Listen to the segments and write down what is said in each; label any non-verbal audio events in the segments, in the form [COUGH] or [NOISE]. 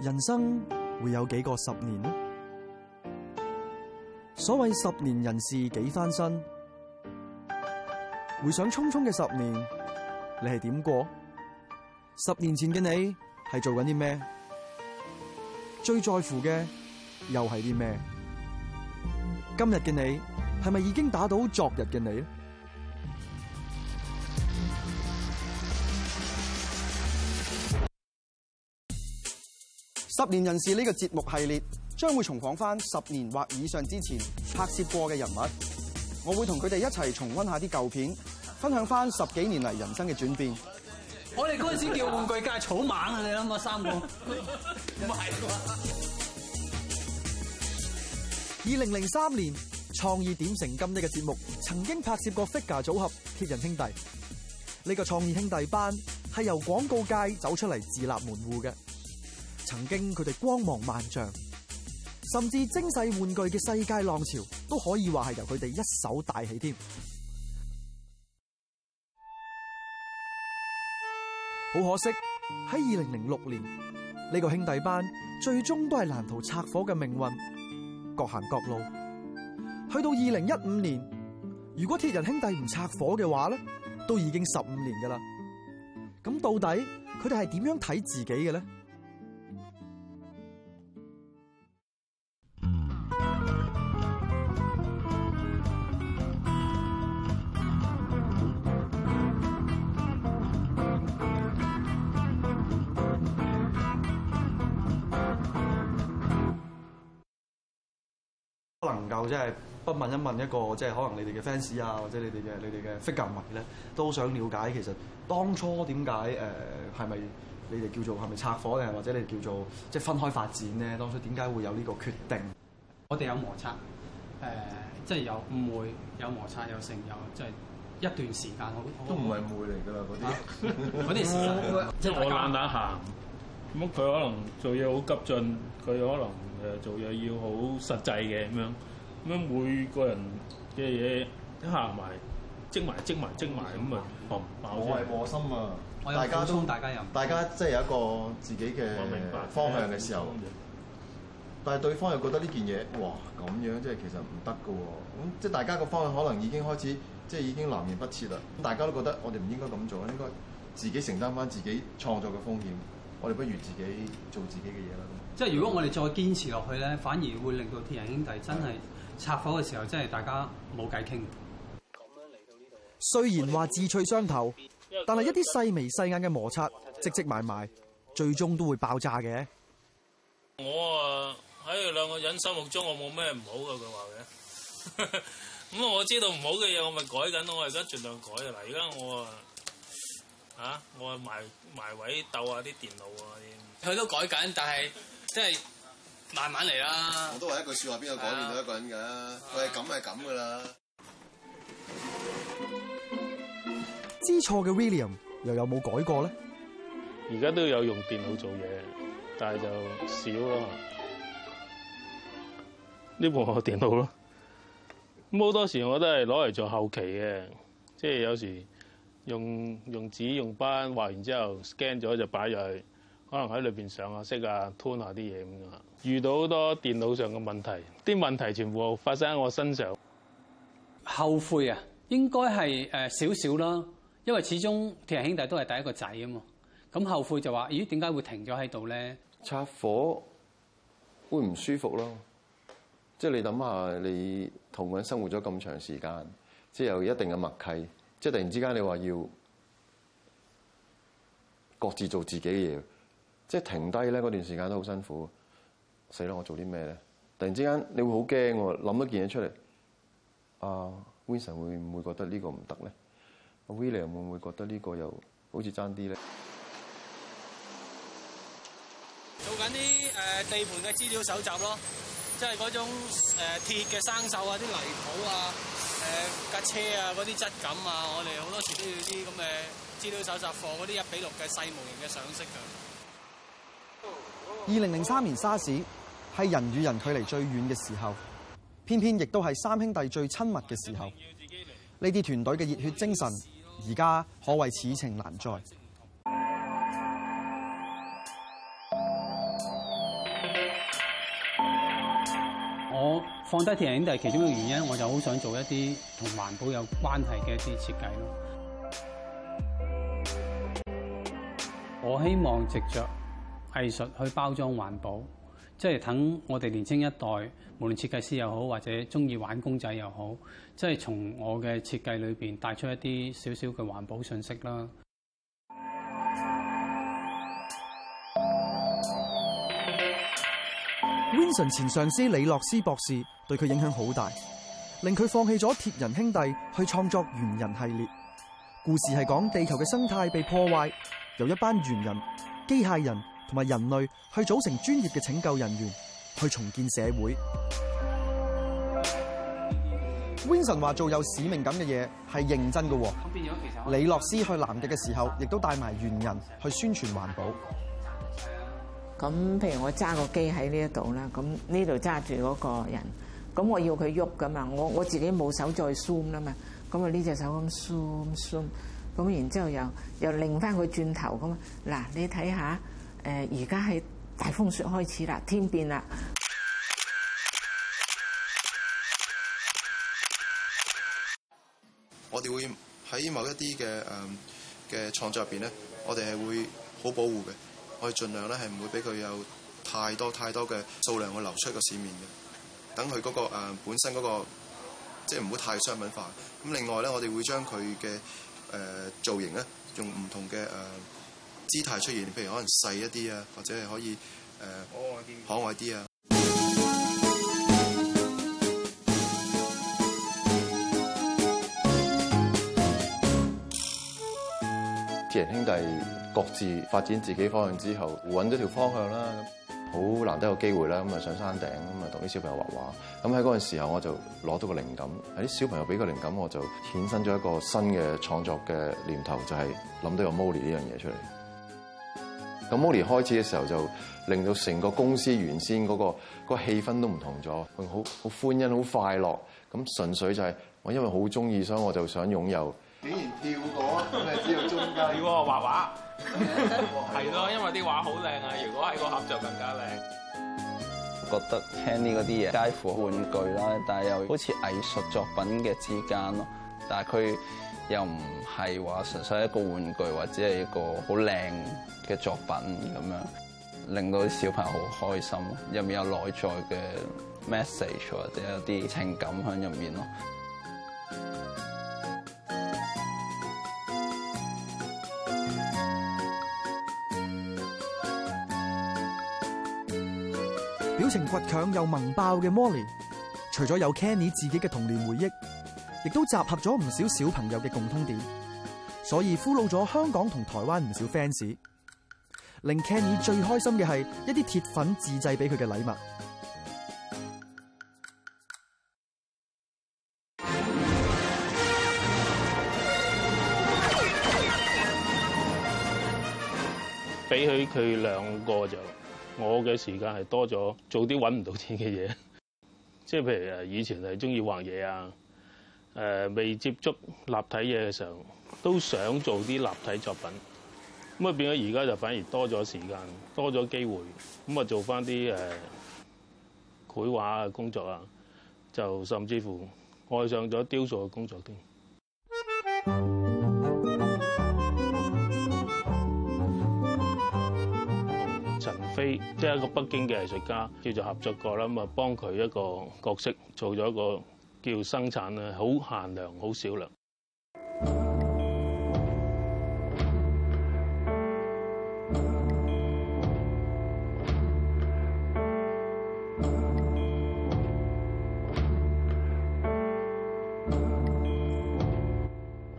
人生會有幾個十年？所謂十年人事幾翻身？回想匆匆嘅十年，你係點過？十年前嘅你係做緊啲咩？最在乎嘅又係啲咩？今日嘅你係咪已經打倒昨日嘅你？十年人事呢個節目系列將會重訪翻十年或以上之前拍攝過嘅人物，我會同佢哋一齊重温下啲舊片，分享翻十幾年嚟人生嘅轉變。我哋嗰陣時叫玩具界草蜢啊，你諗下三個唔係啩？二零零三年創意點成金呢個節目曾經拍攝過 Figure 組合鐵人兄弟，呢個創意兄弟班係由廣告界走出嚟自立門戶嘅。曾經佢哋光芒萬丈，甚至精細玩具嘅世界浪潮都可以話係由佢哋一手帶起添。好可惜喺二零零六年呢、這個兄弟班最終都係難逃拆伙嘅命運，各行各路。去到二零一五年，如果鐵人兄弟唔拆伙嘅話咧，都已經十五年㗎喇。咁到底佢哋係點樣睇自己嘅咧？即、不問一問一個，即係可能你哋嘅 fans 啊，或者你哋嘅你哋嘅 figure 迷咧，都想了解其實當初點解誒係咪你哋叫做係咪拆夥嘅，或者你哋叫做即係分開發展咧？當初點解會有呢個決定？我哋有摩擦誒，真係有誤會，有摩擦有，有成，有即係一段時間好都唔係誤會嚟㗎啦，嗰啲啲時間即係我懶懶行咁，佢可能做嘢好急進，佢可能誒做嘢要好實際嘅咁樣。咁樣每個人嘅嘢，一合埋積埋積埋積埋咁啊，冇我係磨心啊！我有補充，大家人，大家即係有一個自己嘅明白方向嘅時候，但係對方又覺得呢件嘢哇咁樣，即係其實唔得㗎喎。咁即係大家個方向可能已經開始即係已經南轅北轍啦。大家都覺得我哋唔應該咁做，應該自己承擔返自己創作嘅風險。我哋不如自己做自己嘅嘢啦。即係如果我哋再堅持落去咧，反而會令到鐵人兄弟真係～拆夥嘅時候真係大家冇偈傾。雖然話志趣相投，但係一啲細眉細眼嘅摩擦，積積埋埋，最終都會爆炸嘅。我啊喺佢兩個人心目中，我冇咩唔好嘅佢話嘅。咁啊， [LAUGHS] 我知道唔好嘅嘢，我咪改緊咯。我而家盡量改啊。嗱，而家我啊，啊，我埋埋位鬥下啲電腦啊啲。佢都改緊，但係即係。 [LAUGHS] 慢慢嚟啦。我都話一句說話，邊個改變到一個人噶。佢係咁，係咁噶啦。知錯嘅 William 又有冇改過咧？而家都有用電腦做嘢，但係就少咯。呢、嗯、部我電腦咯。咁 [LAUGHS] 好多時我都係攞嚟做後期嘅，即係有時用用紙用斑畫完之後 scan 咗就擺入去，可能喺裏邊上，色上色色下色啊，拖下啲嘢咁遇到好多電腦上嘅問題，啲問題全部發生喺我身上。後悔啊，應該係誒少少啦，因為始終鐵人兄弟都係第一個仔啊嘛。咁後悔就話，咦，點解會停咗喺度咧？拆伙會唔舒服咯，即係你諗下，你同佢生活咗咁長時間，即係有一定嘅默契，即係突然之間你話要各自做自己嘢，即係停低咧嗰段時間都好辛苦。死啦！我做啲咩咧？突然之間，你會好驚我諗一件嘢出嚟，啊 Winson 會會唔會覺得個呢個唔得咧？阿、啊、William 會唔會覺得呢個又好似爭啲咧？做緊啲、呃、地盤嘅資料搜集咯，即係嗰種鐵、呃、鐵嘅生鏽啊、啲泥土啊、誒架車啊嗰啲質感啊，我哋好多時都要啲咁嘅資料搜集貨，嗰啲一比六嘅細模型嘅上色㗎。Oh. 二零零三年沙士係人與人距離最遠嘅時候，偏偏亦都係三兄弟最親密嘅時候。呢啲團隊嘅熱血精神，而家可謂此情難再。我放低鐵人兄弟其中一個原因，我就好想做一啲同環保有關係嘅一啲設計咯。我希望藉着藝術去包裝環保，即係等我哋年青一代，無論設計師又好，或者中意玩公仔又好，即係從我嘅設計裏邊帶出一啲少少嘅環保信息啦。Winson 前上司李洛斯博士對佢影響好大，令佢放棄咗鐵人兄弟去創作猿人系列。故事係講地球嘅生態被破壞，由一班猿人、機械人，同埋人類去組成專業嘅拯救人員去重建社會。Winson 話：做有使命感嘅嘢係認真嘅。李洛斯去南極嘅時候，亦都帶埋猿人去宣傳環保。咁譬如我揸個機喺呢一度啦，咁呢度揸住嗰個人，咁我要佢喐噶嘛。我我自己冇手再鬆啦嘛。咁啊呢隻手咁鬆咁鬆，咁然之後，後又又擰翻佢轉頭咁嗱。你睇下。誒、呃，而家係大風雪開始啦，天變啦。我哋會喺某一啲嘅誒嘅創作入邊咧，我哋係會好保護嘅，我哋盡量咧係唔會俾佢有太多太多嘅數量去流出個市面嘅。等佢嗰個、呃、本身嗰、嗰個即係唔好太商品化。咁另外咧，我哋會將佢嘅誒造型咧，用唔同嘅誒。呃姿態出現，譬如可能細一啲啊，或者係可以誒可、呃、愛啲，可愛啲啊。鐵人兄弟各自發展自己方向之後，揾咗條方向啦。咁好難得有機會啦，咁啊上山頂咁啊同啲小朋友畫畫。咁喺嗰陣時候，我就攞到個靈感，喺啲小朋友俾個靈感，我就衍生咗一個新嘅創作嘅念頭，就係、是、諗到個 Molly 呢樣嘢出嚟。咁 Molly 開始嘅時候就令到成個公司原先嗰、嗰個嗰、嗰個氣氛都唔同咗，好好歡欣，好快樂。咁純粹就係我因為好中意，所以我就想擁有。竟然跳過，咁 [LAUGHS] 啊知道中計喎，畫畫，係 [LAUGHS] 咯， [LAUGHS] [LAUGHS] [LAUGHS] [LAUGHS] [LAUGHS] [LAUGHS] 因為啲畫好靚啊，如果喺個盒就更加靚。 [LAUGHS] 我覺得 Kenny 嗰啲嘢，街舖玩具啦，但係又好似藝術作品嘅之間咯，但係佢。又唔係話純粹一個玩具，或者係一個好靚嘅作品咁樣，令到啲小朋友好開心，入面有內在嘅 message 或者有啲情感喺入面咯。表情倔強又萌爆嘅 Molly，除咗有 Kenny 自己嘅童年回憶，亦都集合咗唔少小朋友嘅共通點，所以俘虜咗香港同台灣唔少 fans，令 Kenny 最開心嘅係一啲鐵粉自製俾佢嘅禮物。俾佢佢兩個就我嘅時間係多咗，做啲搵唔到錢嘅嘢，即係譬如誒，以前係中意畫嘢啊。誒未接觸立體嘢嘅時候，都想做啲立體作品。咁啊變咗而家就反而多咗時間，多咗機會。咁啊做翻啲誒繪畫嘅工作啊，就甚至乎愛上咗雕塑嘅工作添 [MUSIC] 陳飛即係、就是、一個北京嘅藝術家，叫做合作過啦。咁啊幫佢一個角色做咗一個。叫生產咧，好限量，好少量。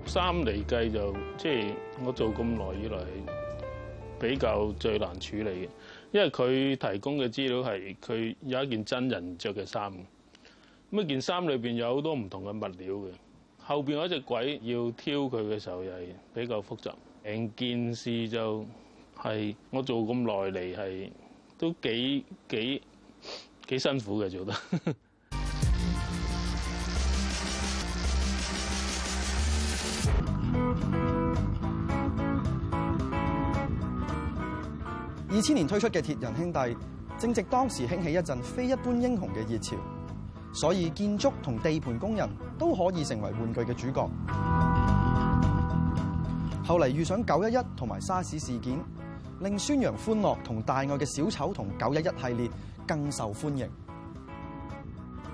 衫嚟計就即係我做咁耐以來比較最難處理嘅，因為佢提供嘅資料係佢有一件真人着嘅衫。咁一件衫裏邊有好多唔同嘅物料嘅，後面有一隻鬼要挑佢嘅時候又係比較複雜，成件事就係、係、我做咁耐嚟係都幾幾幾辛苦嘅做得。二 [LAUGHS] 千年推出嘅鐵人兄弟，正值當時興起一陣非一般英雄嘅熱潮。所以建築同地盤工人都可以成為玩具嘅主角。後嚟遇上九一一同埋沙士事件，令宣揚歡樂同大愛嘅小丑同九一一系列更受歡迎。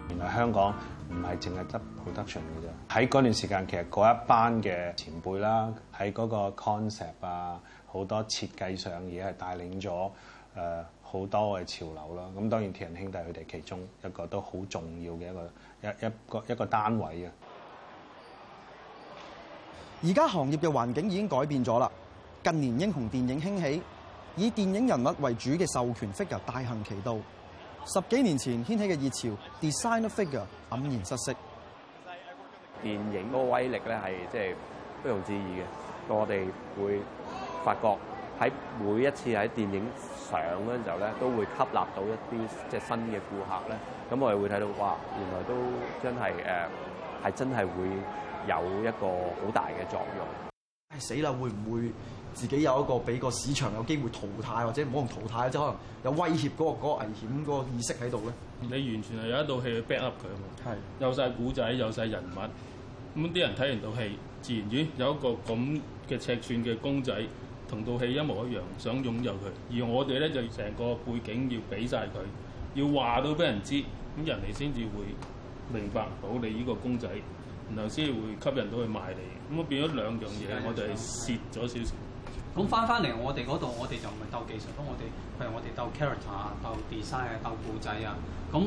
原來香港唔係淨係得 production 嘅啫。喺嗰段時間，其實嗰一班嘅前輩啦，喺嗰個 concept 啊，好多設計上，而係帶領咗誒好多嘅潮流啦，咁當然鐵人兄弟佢哋其中一個都好重要嘅一個一一個一,一個單位啊！而家行業嘅環境已經改變咗啦。近年英雄電影興起，以電影人物為主嘅授權 figure 大行其道。十幾年前掀起嘅熱潮，design figure 黯然失色。電影個威力咧係即係不容置疑嘅，我哋會發覺。喺每一次喺電影上嗰陣時候咧，都會吸納到一啲即係新嘅顧客咧。咁我哋會睇到，哇！原來都真係誒係真係會有一個好大嘅作用。死啦！會唔會自己有一個俾個市場有機會淘汰，或者唔好用淘汰即係可能有威脅嗰個嗰個危險嗰個意識喺度咧？你完全係有一套戲去 back up 佢啊嘛，係有晒古仔，有晒人物。咁啲人睇完套戲，自然然有一個咁嘅尺寸嘅公仔。同部戲一模一樣，想擁有佢，而我哋咧就成個背景要俾晒佢，要話到俾人知，咁人哋先至會明白到你呢個公仔，然後先至會吸引到去買你。咁啊變咗兩樣嘢，我就係蝕咗少少。咁翻返嚟我哋嗰度，我哋就唔係鬥技術咯，我哋譬如我哋鬥 character 啊、鬥 design 啊、鬥故仔啊，咁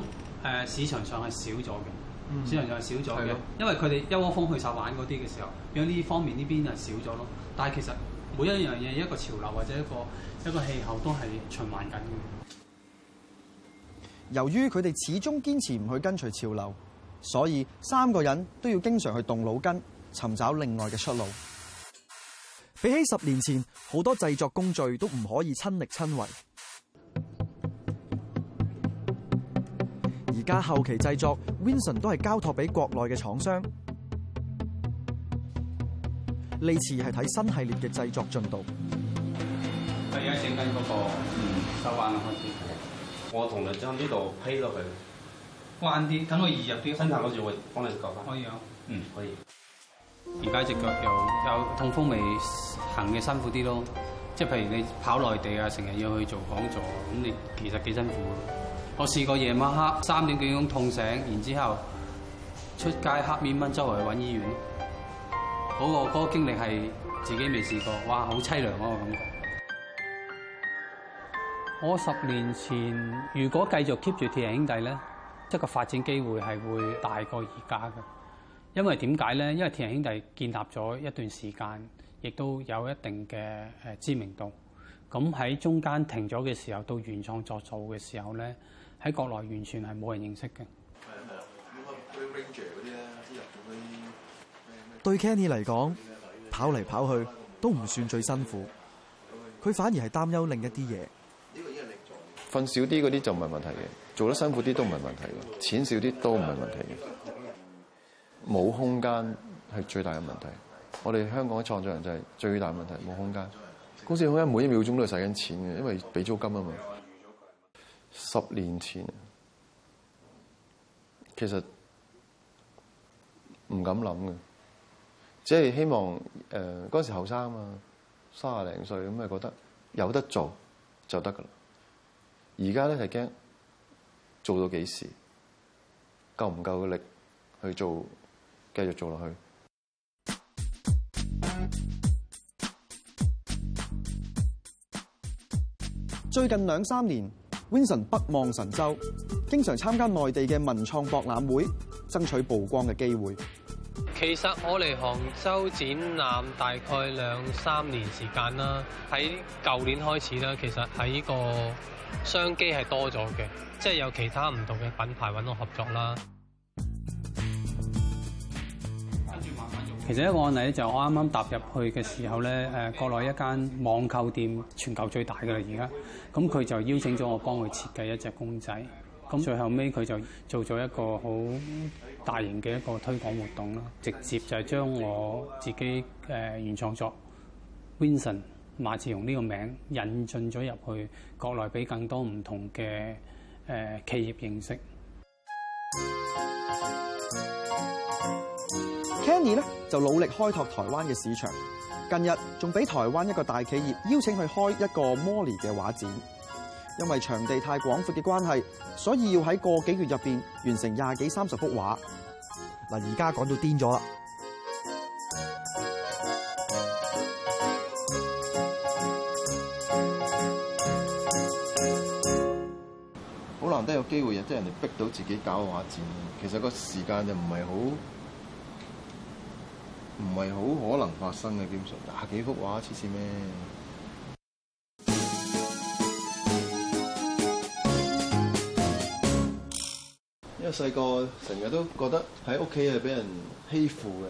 誒市場上係少咗嘅，市場上係少咗嘅、嗯，因為佢哋一窩蜂去刷玩嗰啲嘅時候，咁呢方面呢邊係少咗咯，但係其實。每一樣嘢，一個潮流或者一個一個氣候都係循環緊嘅。由於佢哋始終堅持唔去跟隨潮流，所以三個人都要經常去動腦筋，尋找另外嘅出路。比起十年前，好多製作工序都唔可以親力親為。而家後期製作，Vincent 都係交託俾國內嘅廠商。呢次係睇新系列嘅製作進度。而家整緊嗰個收翻開始，我同你將呢度批落去，彎啲，等我移入啲新嘅攞住，我幫你搞翻。可以，啊，嗯，可以。而家隻腳又有痛風，未行嘅辛苦啲咯。即係譬如你跑內地啊，成日要去做講座，咁你其實幾辛苦。我試過夜晚黑三點幾鐘痛醒，然之後出街黑面蚊，周圍揾醫院。嗰個嗰個經歷係自己未試過，哇！好淒涼嗰個感覺。我十年前如果繼續 keep 住鐵人兄弟咧，即係個發展機會係會大過而家嘅。因為點解咧？因為鐵人兄弟建立咗一段時間，亦都有一定嘅誒知名度。咁喺中間停咗嘅時候，到原創作做嘅時候咧，喺國內完全係冇人認識嘅。對 Kenny 嚟講，跑嚟跑去都唔算最辛苦，佢反而係擔憂另一啲嘢。瞓少啲嗰啲就唔係問題嘅，做得辛苦啲都唔係問題嘅，錢少啲都唔係問題嘅。冇空間係最大嘅問題。我哋香港嘅創作人就係最大嘅問題，冇空間。公司空間每一秒鐘都係使緊錢嘅，因為俾租金啊嘛。十年前其實唔敢諗嘅。只係希望，誒嗰陣時後生啊嘛，三啊零歲咁，咪覺得有得做就得噶啦。而家咧係驚做到幾時，夠唔夠力去做，繼續做落去。最近兩三年，Winson 北望神州，經常參加內地嘅文創博覽會，爭取曝光嘅機會。其實我嚟杭州展覽大概兩三年時間啦，喺舊年開始啦，其實喺個商機係多咗嘅，即係有其他唔同嘅品牌搵我合作啦。跟住慢慢用。其實一個案例咧，就我啱啱踏入去嘅時候咧，誒國內一間網購店全球最大㗎喇，而家咁佢就邀請咗我幫佢設計一隻公仔。咁最後尾，佢就做咗一個好大型嘅一個推廣活動啦，直接就係將我自己誒原創作 Winson 馬志雄呢個名引進咗入去國內，俾更多唔同嘅誒、呃、企業認識。Kenny 咧就努力開拓台灣嘅市場，近日仲俾台灣一個大企業邀請去開一個 Molly 嘅畫展。因為場地太廣闊嘅關係，所以要喺個幾月入邊完成廿幾三十幅畫。嗱，而家講到癲咗啦，好難得有機會啊！即係人哋逼到自己搞畫展，其實個時間就唔係好唔係好可能發生嘅，基本上廿幾幅畫，黐線咩？細個成日都覺得喺屋企係俾人欺負嘅，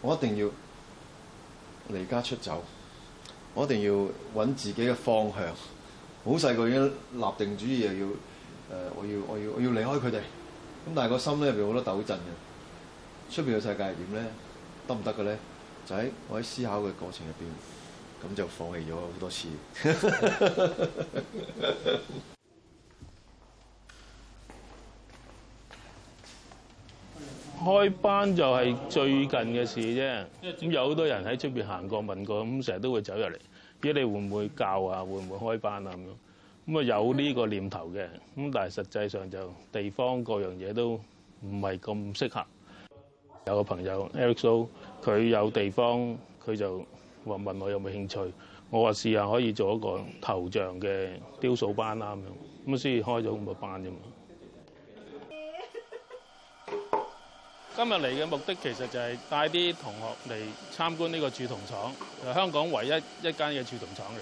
我一定要離家出走，我一定要搵自己嘅方向。好細個已經立定主意，又要誒，我要我要我要離開佢哋。咁但係個心咧入邊好多抖震嘅，出邊嘅世界係點咧？得唔得嘅咧？就喺我喺思考嘅過程入邊，咁就放棄咗好多次。 [LAUGHS] [LAUGHS] 開班就係最近嘅事啫，咁有好多人喺出邊行過問過，咁成日都會走入嚟，咁你會唔會教啊？會唔會開班啊？咁樣，咁啊有呢個念頭嘅，咁但係實際上就地方各樣嘢都唔係咁適合。有個朋友 Eric So，佢有地方，佢就話問我有冇興趣，我話試下可以做一個頭像嘅雕塑班啦咁樣，咁先開咗咁個班啫嘛。今日嚟嘅目的其實就係帶啲同學嚟參觀呢個鑄銅廠，係香港唯一一間嘅鑄銅廠嚟。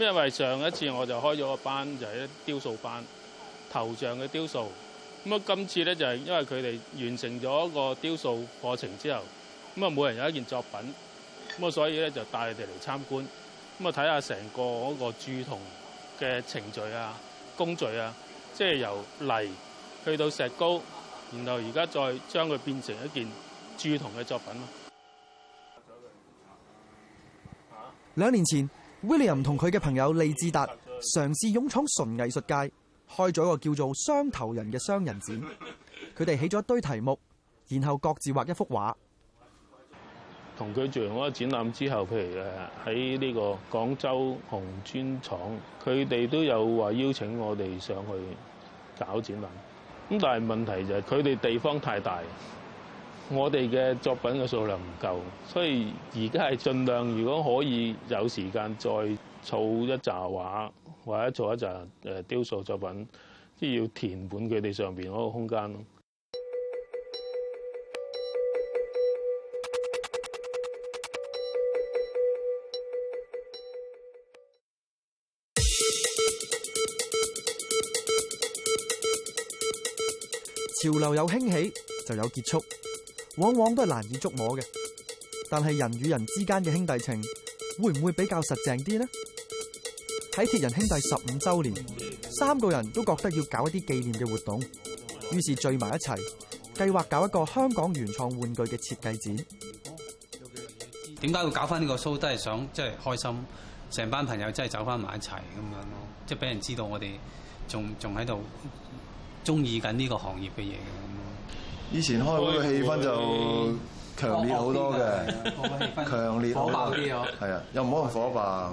因為上一次我就開咗個班，就係雕塑班，頭像嘅雕塑。咁啊，今次呢，就係因為佢哋完成咗個雕塑過程之後，咁啊，每人有一件作品。咁啊，所以呢，就帶你哋嚟參觀，咁啊睇下成個嗰個鑄銅嘅程序啊、工序啊，即係由泥去到石膏。然後而家再將佢變成一件銅鑄嘅作品咯。兩年前，William 同佢嘅朋友利志達嘗試勇闖純藝術界，開咗個叫做雙頭人嘅雙人展。佢哋起咗一堆題目，然後各自畫一幅畫。同佢做完嗰個展覽之後，譬如誒喺呢個廣州紅磚廠，佢哋都有話邀請我哋上去搞展覽。咁但係問題就係佢哋地方太大，我哋嘅作品嘅數量唔夠，所以而家係盡量如果可以有時間再儲一紮畫或者儲一紮誒雕塑作品，即係要填滿佢哋上面嗰個空間咯。潮流有興起就有結束，往往都係難以捉摸嘅。但係人與人之間嘅兄弟情，會唔會比較實淨啲呢？喺鐵人兄弟十五週年，三個人都覺得要搞一啲紀念嘅活動，於是聚埋一齊，計劃搞一個香港原創玩具嘅設計展。點解會搞翻呢個 show？都係想即係開心，成班朋友真係走翻埋一齊咁樣咯，即係俾人知道我哋仲仲喺度。中意緊呢個行業嘅嘢。以前開會嘅氣氛就強烈好多嘅，氛強烈火爆啲。係啊，又唔可能火爆。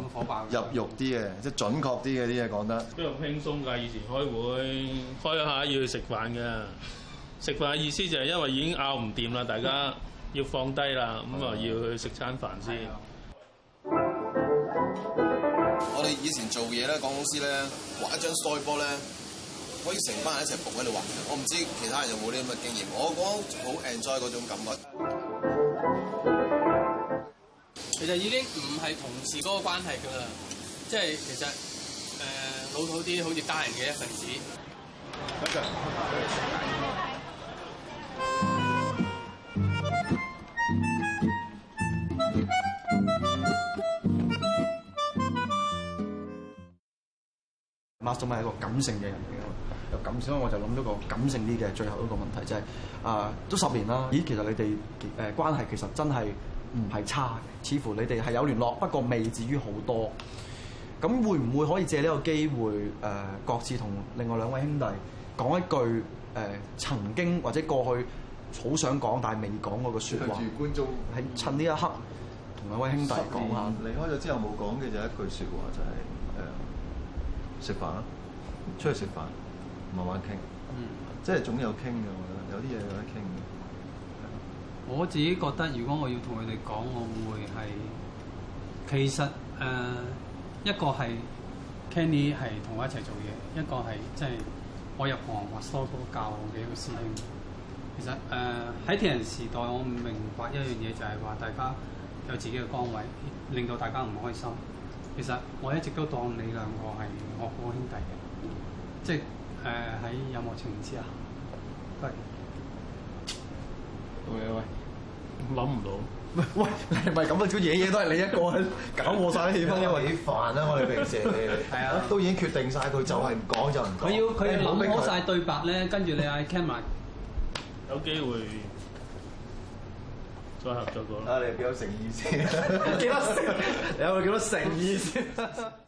入肉啲嘅，即係準確啲嘅啲嘢講得。不用輕鬆㗎，以前開會開一下要去食飯㗎。食飯嘅意思就係因為已經拗唔掂啦，大家要放低啦，咁啊要去食餐飯先。我哋以前做嘢咧，講老師咧，畫一張腮波咧。可以成班人一齊伏喺度玩，我唔知其他人有冇呢咁嘅經驗。我講好 enjoy 嗰種感覺，其實已經唔係同事嗰個關係㗎啦。即係其實誒老土啲，好似家人嘅一份子。 [MUSIC] 馬祖咪係個感性嘅人嚟嘅，有感性所以我就諗咗個感性啲嘅最後一個問題、就係，就係啊都十年啦，咦其實你哋誒、呃、關係其實真係唔係差，似乎你哋係有聯絡，不過未至於好多。咁會唔會可以借呢個機會誒、呃，各自同另外兩位兄弟講一句誒、呃、曾經或者過去好想講但係未講嗰個説話？對住觀眾，喺趁呢一刻同兩、嗯、位兄弟講下。離開咗之後冇講嘅就係、一句説話就係、係。食飯出去食飯，慢慢傾。嗯，即係總有傾嘅，我覺得有啲嘢有得傾，我自己覺得，如果我要同佢哋講，我會係其實誒一個係 Kenny 係同我一齊做嘢，一個係即係我入行或疏嗰個教嘅一個師兄。其實誒喺鐵人時代，我唔明白一樣嘢，就係、是、話大家有自己嘅崗位，令到大家唔開心。其實我一直都當你兩個係我好兄弟嘅，即係誒喺任何情形之下，都係喂喂，諗唔到，喂你係咪咁樣啊？做嘢嘢都係你一個搞我曬啲氣氛，因為你煩啊！我哋平時係啊，都已經決定曬，佢就係唔講就唔講，佢要佢諗好曬對白咧，跟住你嗌 camera，有機會，再合作過啦！啊，你有誠意先，幾多 [LAUGHS] 你有幾多誠意先？ [LAUGHS] 你有誠意